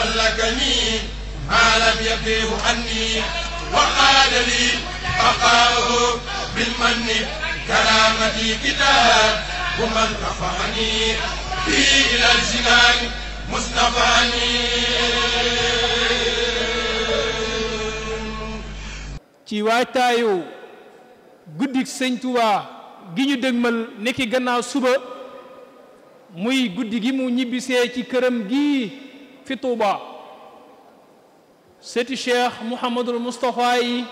ملكني ما لم يقيه عني وقال لي بقاؤه بالمن كلامتي كتاب ومن رفعني به إلى الجنان مصطفاني ci waataayu guddik sëñ touba gi ñu dëgmal nekki gannaaw suba muy guddi gi mu ñibbisee ci këram gii fi Touba seti cheikh Mouhamadul Moustapha yi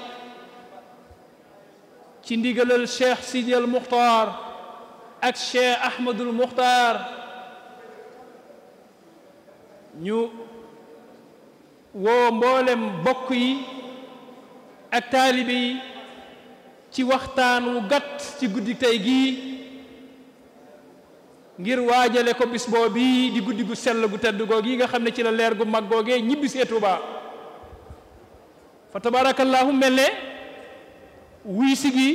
ci ndigalal cheikh Sidi al Muxtaar ak cheikh Ahmadul Muxtaar ñu woo mboolem bokk yi ak taalibe yi ci waxtaan wu gàtt ci guddi tey gii ngir waajale ko bis boo bii di guddi gu sell gu tedd goog yi nga xam ne ci la leer gu mag googee ñibbi see Tuuba fa tabaarakallaahu mel ne wuy si gi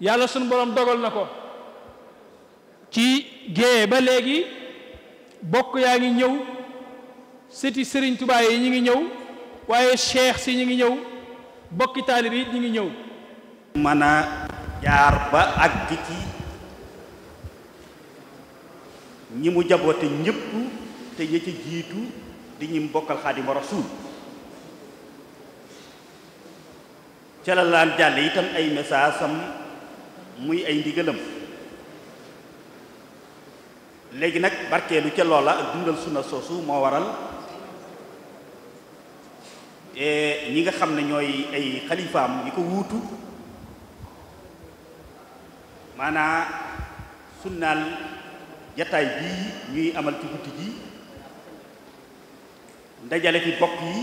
yàlla suñ borom dogal na ko ci géeye ba léegi bokk yaa ngi ñëw sëti sëriñ Tuubaa yi ñu ngi ñëw waaye cheikh si ñu ngi ñëw bokki taalib yi ñu ngi ñëw mën a jaar ba àgg ci ñi mu jaboote ñëpp te ña jiitu di ñi bokkal xaadima rasuul ca la laan jàll itam ay message am muy ay ndigalam léegi nag barkeelu ca loola ak dundal sunna soosu moo waral e, ñi nga xam ne ñooy ay xalifaam yi ko wuutu maanaa sunnaal jataay bii ñuy amal ci guddi gi ndajale fi bokk yi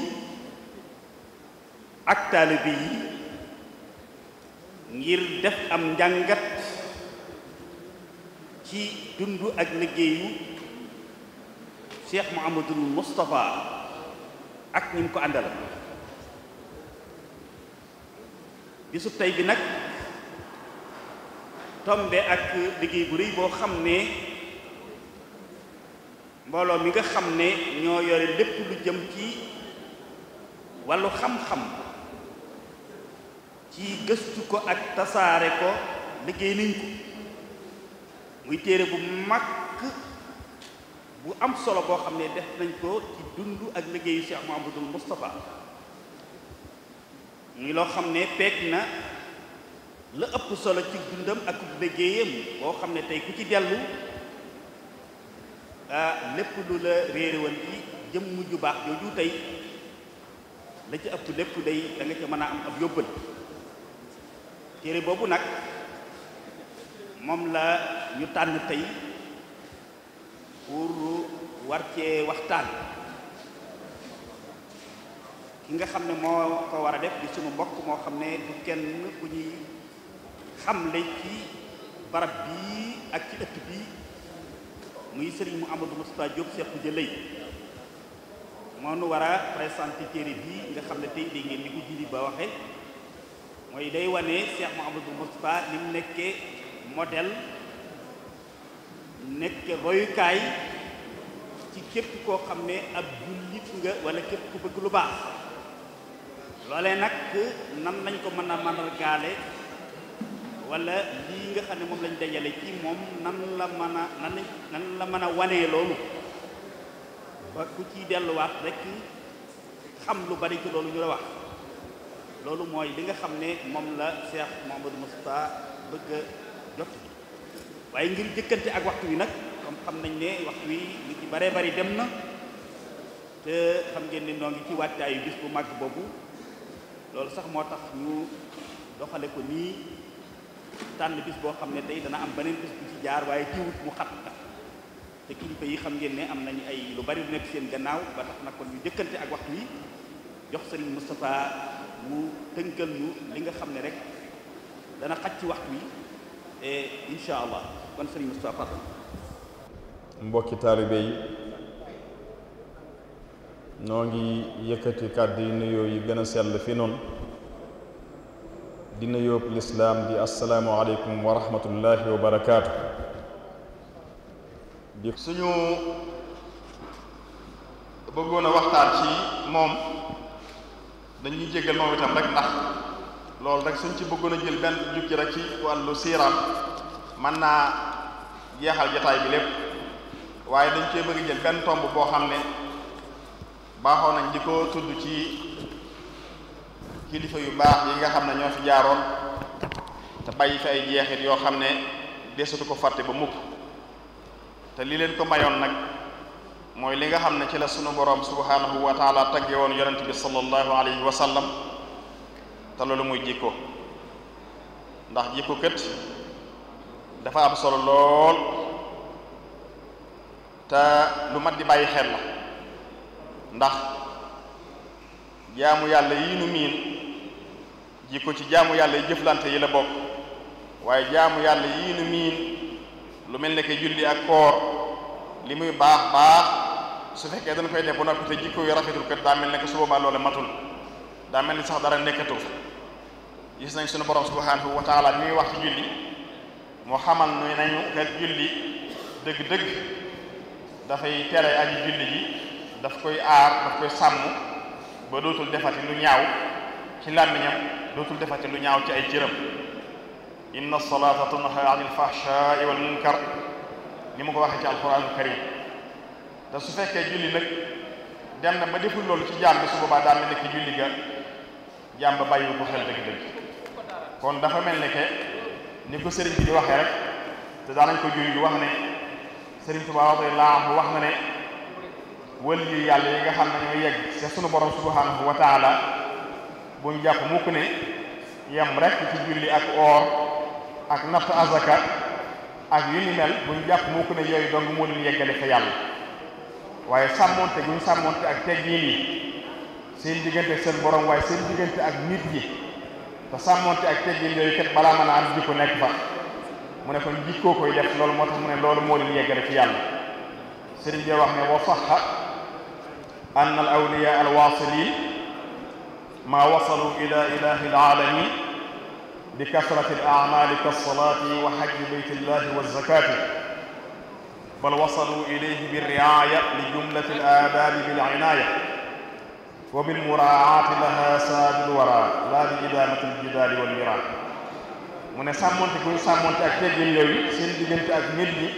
ak taalibe yi ngir def am njàngat ci dund ak liggéeyu Cheikh Mouhamadoul Moustapha ak ñi mu ko àndal bisub tey bi nag tombe ak liggéey bu rëy boo xam ne mbooloo mi nga xam ne ñoo yore lépp lu jëm ci wàllu xam-xam ci gëstu ko ak tasaare ko liggéey nañ ko muy téere bu màkk bu am solo boo xam ne def nañ ko ci dund ak liggéeyu Cheikh Mouhamadoul Moustapha muy loo xam ne peeg na la ëpp solo ci dundam ak liggéeyam boo xam ne tey ku ci dellu ah lépp lu la réere woon ci jëm mujj baax jooju tey la ci ëpp lépp day da ca mën a am ab yóbbal téere boobu nag moom la ñu tànn tey lu war cee waxtaan ki nga xam ne moo ko war a def di sunu mbokk moo xam ne du kenn ku ñuy xamle ci barab bii ak ci ëtt bii muy sëriñ Mouhamadou Moustapha Diop Cheikh Jëlëy moo nu wara a présenté bi bii nga xam ne tey dégg ngeen ni ko jili ba waxe mooy day wane Cheikh Mouhamadou Moustapha ni mu nekkee modèle nekke royukaay ci képp koo xam ne ab jullit nga wala képp ku bëgg lu baax loolee nag nan lañ ko mën a manargaale wala lii nga xam ne moom lañ dajale ci moom nan la mën a nan la mën a wanee loolu ba ku ciy delluwaat rek xam lu bari ci loolu ñu la wax loolu mooy li nga xam ne moom la Cheikh Mouhamadou sa bëgg a jot waaye ngir jëkkante ak waxtu wi nag comme xam nañ ne waxtu wi li ci baree bari dem na te xam ngeen ne noo ngi ci waajtaayu bis bu màgg boobu loolu sax moo tax ñu doxale ko nii tànn bis boo xam ne tey dana am beneen bis bu ci jaar waaye jiwut mu xat la te kilifa yi xam ngeen ne am nañu ay lu bari lu nekk seen gannaaw ba tax na kon ñu jëkkante ak waxtu yi jox Serigne Moustapha mu tënkal ñu li nga xam ne rek dana xaj ci waxtu yi et incha allah kon Serigne Moustapha mbokki taalibe yi noo ngi yëkkati kàddu yi nuyoo yi gën sell fi noonu dina yóbbu lislaam di asalaamualeykum wa rahmatullahi wa barakaatu. suñu bëggoon a waxtaan ci moom dañuy jéggal moom itam rek ndax loolu rek suñ ci bëggoon a jël benn jukki rek ci wàllu siiraam mën naa jeexal jataay bi lépp waaye dañ cee bëgg jël benn tomb boo xam ne baaxoo nañ di ko tudd ci. kilifa yu baax yi nga xam ne ñoo fi jaaroon te bàyyi fi ay jeexit yoo xam ne desatu ko fàtte ba mukk te li leen ko mayoon nag mooy li nga xam ne ci la sunu borom subhanahu wa taala tagge woon yonent bi sallallahu alayhi wa sallam te loolu muy jikko ndax jikko kët dafa am solo lool te lu mat di bàyyi xel la ndax jaamu yàlla yi nu miin jikko ci jaamu yàlla jeuflante yi la bok waye jaamu yàlla yi nu min lu melne ke julli ak koor limuy bax bax su fekke dañ koy def ba te jikko yi rafetul ko da melne ke que su boobaa loola matul da melni sax dara nekatu fa gis nañ sunu borom subhanahu wa taala mi wax ci julli mo xamal nuy nañu ke julli deug deug da fay tere aji julli ji daf koy aar daf koy sam ba dootul defati lu ñaaw ci làmmiñam dootul defati lu ñaaw ci ay cëram inna salaata tanha anil fahshaa'i wal munkar ni mu ko waxee ci alquranul karim te su fekke julli nak dem na ba deful loolu ci jamm su boba da melni ci julli ga jamm ba bàyyiwu ko xel deug deug kon dafa melni ke ni ko serigne bi di waxee rek te da daanañ ko julli wax ne sëriñ Tuubaa radiyallaahu anhu wax na ne wël yi yàlla yi nga xam ñoy yegg ci sunu borom subhanahu wa taala bu ñu jàpp mukk ne yem rek ci julli ak oor ak natt azaka ak yu ni mel bu ñu jàpp mukk ne yooyu dong moo leen yeggale fa yàlla waaye sàmmonte bu ñu ak teggiin yi seen diggante seen borom waaye seen diggante ak nit yi te sàmmonte ak teggiin yooyu kat balaa mën a am jikko nekk fa mu ne kon jikkoo koy def loolu moo tax mu ne loolu moo leen yeggale ci yàlla sëriñ bi wax ne wa saxa an al awliya al waasiliin ما وصلوا إلى إله العالمين بكثرة الأعمال كالصلاة وحج بيت الله والزكاة بل وصلوا إليه بالرعاية لجملة الآداب بالعناية وبالمراعاة لها ساد الورى لا بإدامة الجدال والمراء من سامون تكون سامون تأكيد teggin سين seen تأكيد لي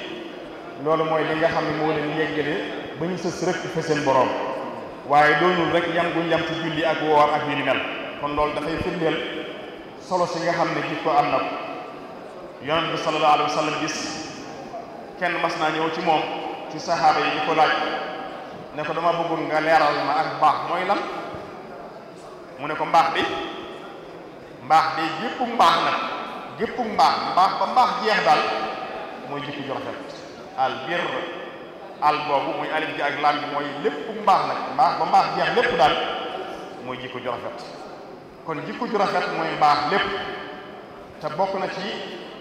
لولو ñi loolu mooy li nga xam ne moo leen yeggale waaye doonul rek yam guñ yam ci julli ak woor ak yu ni mel kon loolu dafay firndeel solo si nga xam ne jik ko am na ko yonent bi gis kenn mas naa ñëw ci moom ci saxaaba yi di ko laaj ne ko dama bëggoon nga leeral ma ak mbaax mooy lan mu ne ko mbaax bi mbaax bi gépp mbaax nag gépp mbaax mbaax ba mbaax jeex daal mooy jikko ju rafet al al boobu muy alif gi ak lam gi mooy lépp mbaax nag mbaax ba mbaax jeex lépp daal mooy jikko ju kon jikko ju rafet mooy mbaax lépp te bokk na ci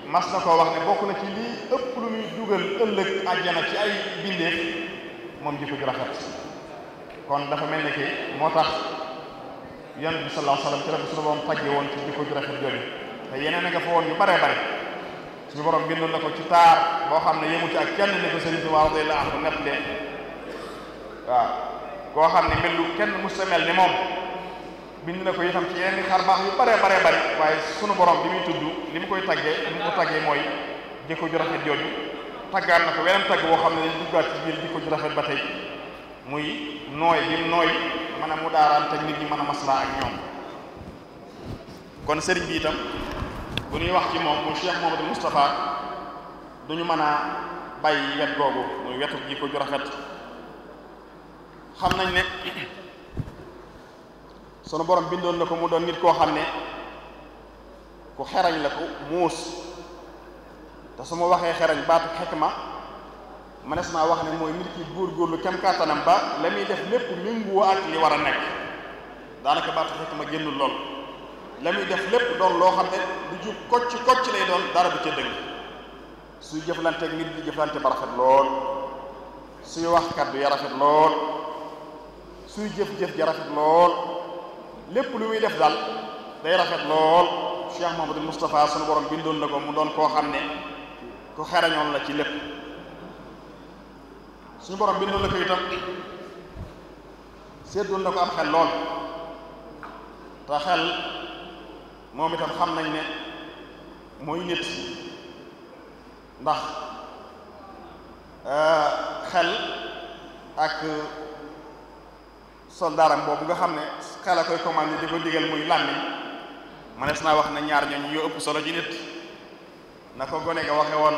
mas na wax ne bokk na ci lii ëpp lu muy dugal ëllëg àjjana ci ay bindeef moom jikko ju rafet kon dafa mel ni ki moo tax yonent bi sallallahu alayhi wa sallam ci la ko sunu borom tàggee woon ci jikko ju rafet jooju te yeneen a nga fa woon yu baree bare suñu borom bindoon na ko ci taar boo xam ne yëmu ci ak kenn ni ko sëriñ Tuubaa radiyallaahu anhu net lee waaw koo xam ne mel lu kenn mu sa mel ni moom bind na ko itam ci yeneen xar baax yu bare bare bari waaye sunu borom bi muy tudd li mu koy taggee li mu ko taggee mooy jikko ju rafet jooju taggaat na ko weneen tagg woo xam ne dañ duggaat ci biir ju rafet ba tey muy nooy bi mu nooy mën a mu daaraan teg nit ñi mën a maslaa ak ñoom kon sëriñ bi itam bu ñuy wax ci moom mu Cheikh Mouhamadou Moustapha du ñu mën a bàyyi wet googu muy wetu jikko ju rafet xam nañ ne sunu borom bindoon la ko mu doon nit koo xam ne ku xerañ la ku muus te su ma waxee xerañ baatu ma mënees naa wax ne mooy nit ki lu kem kàttanam ba la muy def lépp méngoo ak war a nekk daanaka baatu xekma génnul lool la muy def lépp doon loo xam ne du jub kocc kocc lay doon dara bu ca dëng suy jëflanteeg nit di jëflante ba rafet lool suy wax kaddu ya rafet lool suy jëf-jëf ja rafet lool lépp lu muy def daal day rafet lool Cheikh Mouhamadou Moustapha sunu borom bindoon na ko mu doon koo xam ne ku xerañoon la ci lépp suñu borom bindoon na ko itam seddoon na ko am xel lool te xel moom itam xam nañ ne mooy nit ndax euh, xel ak soldaaram boobu nga xam ne xel a koy commandé di ko muy làmmiñ manees naa wax ne ñaar ñooñu yoo ëpp solo ci nit na ko gone ga waxe woon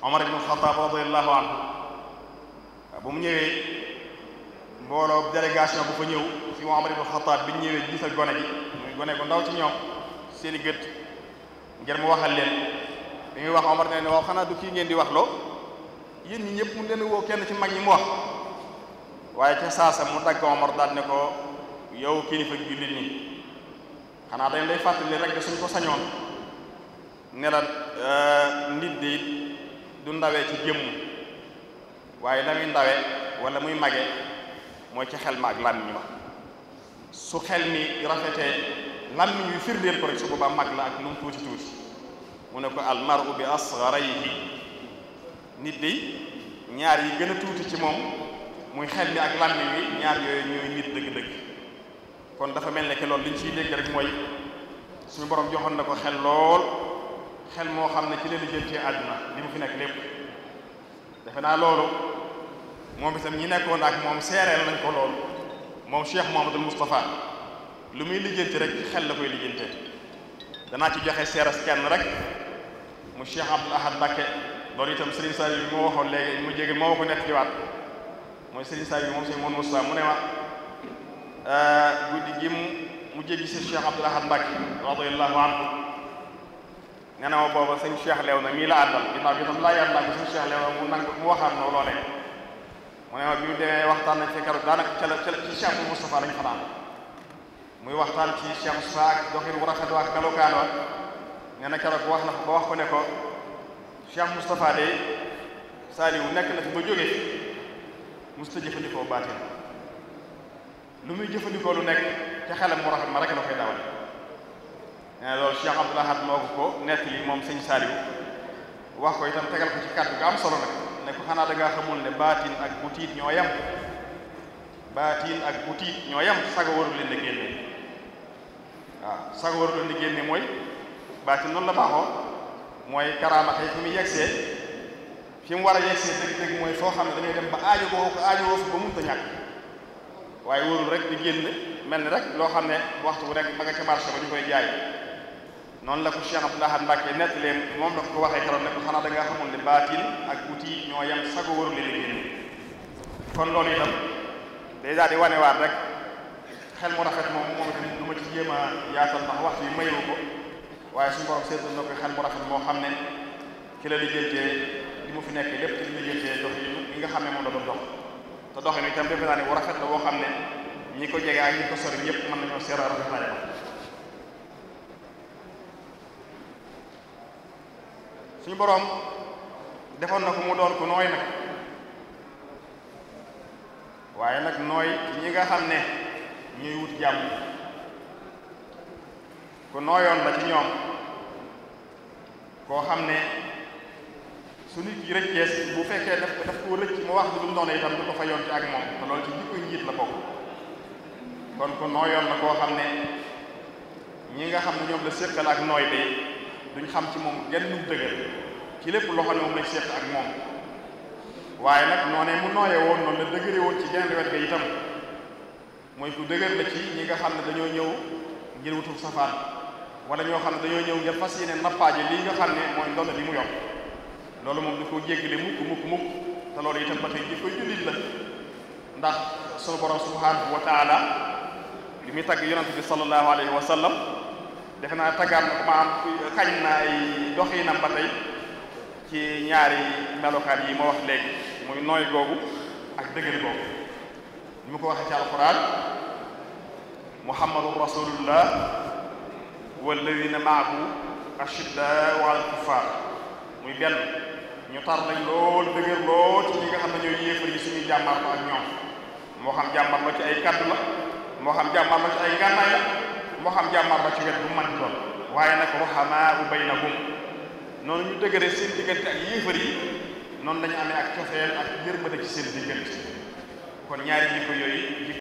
Omar ibn Xataab radiyallahu anhu bu mu ñëwee mbooloo délégation bu fa ñëw ci Omar ibn Xataab bi ñëwee gisal gone gi gone gu ndaw ci ñoom seeni gët ngir mu waxal leen bi muy wax Omar ne ne waaw xanaa du kii ngeen di wax loo yéen ñi ñëpp mu leen woo kenn ci mag ñi mu wax waaye ca saasa mu dagg Omar daal ne ko yow kilifa jullit ñi xanaa dañ lay fàttali rek de suñ ko sañoon ne la euh, nit di du ndawee ci jëmm waaye la muy ndawe wala muy mage mooy ci xel ma ak làmmiñ ma su xel mi rafetee lan ñuy firdel ko rek su boba mag la ak lu mu tuuti tuuti mu ne ko al mar'u bi asgarayhi nit day ñaar yi gëna a tuuti ci mom muy xel bi ak lan wi ñaar yoy ñooy nit deug deug kon dafa mel ke lool liñ ci ciy dégg rek moy suñu borom joxon nako xel lool xel mo xamne ne ci la lijjanti àdduna li mu fi nek lépp defe na loolu mom itam ñi nekkon ak mom séréel nañ ko lool mom Cheikh mohammed mustafa lu muy lijjanti rek xel la koy lijjante danaa ci joxe seeras kenn rek mu Cheikh Abdoul Ahad Mbacké loolu itam Serigne Saliou bi moo mu jege moo ko nekk liwaat mooy Serigne Saliou bi moom mu ne ma euh, guddi gi si Cheikh Abdoul Ahad Mbacké radiyallahu anhu nee na ma booba sëñ Cheikh leew na mii la àndal ginnaaw bi itam laajaat naa ko sëñ na mu nang mu waxaat na loolee mu ne ma bi demee waxtaan nañ ci keroog daanaka ca la ca la ci Cheikh Moustapha muy waxtaan ci Cheikh Moussa ak doxin wu rafet ak melokaan wa nga na ci rak wax na ba wax ko ne ko Cheikh Moustapha de Saliou nek na ci ba jóge musta jefandiko baatin lu muy jefandiko lu nek ci xalam mu rafet ma rek la koy dawal nee na loolu Cheikh abdullah Ahad moko ko nek li moom sëñ Saliou wax ko itam tegal ko ci kàddu ga am solo nak ne ko xana da ngaa xamul ne baatin ak butiit ñoyam yem ak butiit ñoyam yem saga warul leen de gene waaw sangoor doon di génne mooy baatin noonu la baaxoo mooy karaama fi mu yegsee fi mu war a yegsee dëgg mooy foo xam ne dañuy dem ba aajo woo ko aajo woo ko ba mënut a ñàkk waaye wóorul rek di génn mel ni rek loo xam ne waxtu bu rek ma nga ca marché ba ñu koy jaay noonu la ko Cheikh Abdoulaye Mbacke nettalee moom la ko waxee keroog ne ko xanaa da ngaa xamul ne baatin ak outil ñoo yem sago warul li génn kon loolu itam day daal di wanewaat rek. xel mu rafet moom moom tamit du ma ci jéem a yaatal ndax waxtu yi mayewu ko waaye suñu borom seetal na ko xel mu rafet moo xam ne ci la lijjantee li mu fi nekk lépp ci lijjantee dox yi li nga xam ne moom la doon dox te doxin itam bu rafet la boo xam ne ñi ko jege ak ko sori ñëpp mën nañoo seera rafet naa ba na mu doon ko nooy waaye nag nooy ñi nga xam ne ñuy wut jàmm ku nooyoon la ci ñoom koo xam ne su nit ki rëccees bu fekkee daf daf koo rëcc mu wax lu mu doon itam du ko fa yonte ak moom te loolu ci jikko njiit la bokk kon ku nooyoon la koo xam ne ñi nga xam ne ñoom la séqal ak nooy de duñ xam ci moom gennum dëgër ci lépp loo la ne moom lañ séq ak moom waaye nag noonee mu nooye woon noonu la dëgëre woon ci genn wet ga mooy ku dëgër la ci ñi nga xam ne dañoo ñëw ngir wutul safaan wala ñoo xam ne dañoo ñëw ngir fas yéene nappaaje lii nga xam ne mooy ndono li mu yokk loolu moom du ko jéggale mukk mukk mukk te loolu itam ba tey ji koy la ndax sunu borom subhanahu wa taala li muy tagg yonante wa sallam defe naa taggaat na ko ay doxinam ba tey ci ñaari melokaan yi ma wax léegi muy nooy googu ak dëgër googu ni mu ko waxee ci alquran muhammadun rasulullah walladina maahu ashiddaau ala kuffar muy benn ñu tar lañ lool dëgër lool ci ñi nga xam ne yéefar yi suñuy jàmbaar la ak ñoom moo xam jàmbaar la ci ay kaddu la moo xam jàmbaar la ci ay ngànnaay la moo ci wet bu mën doon waaye nag ruhamaau baynahum noonu ñu dëgëre seen diggante ak yéefar yi noonu lañu amee ak cofeel ak yërmande ci seen diggante kon ñaari jikko yooyu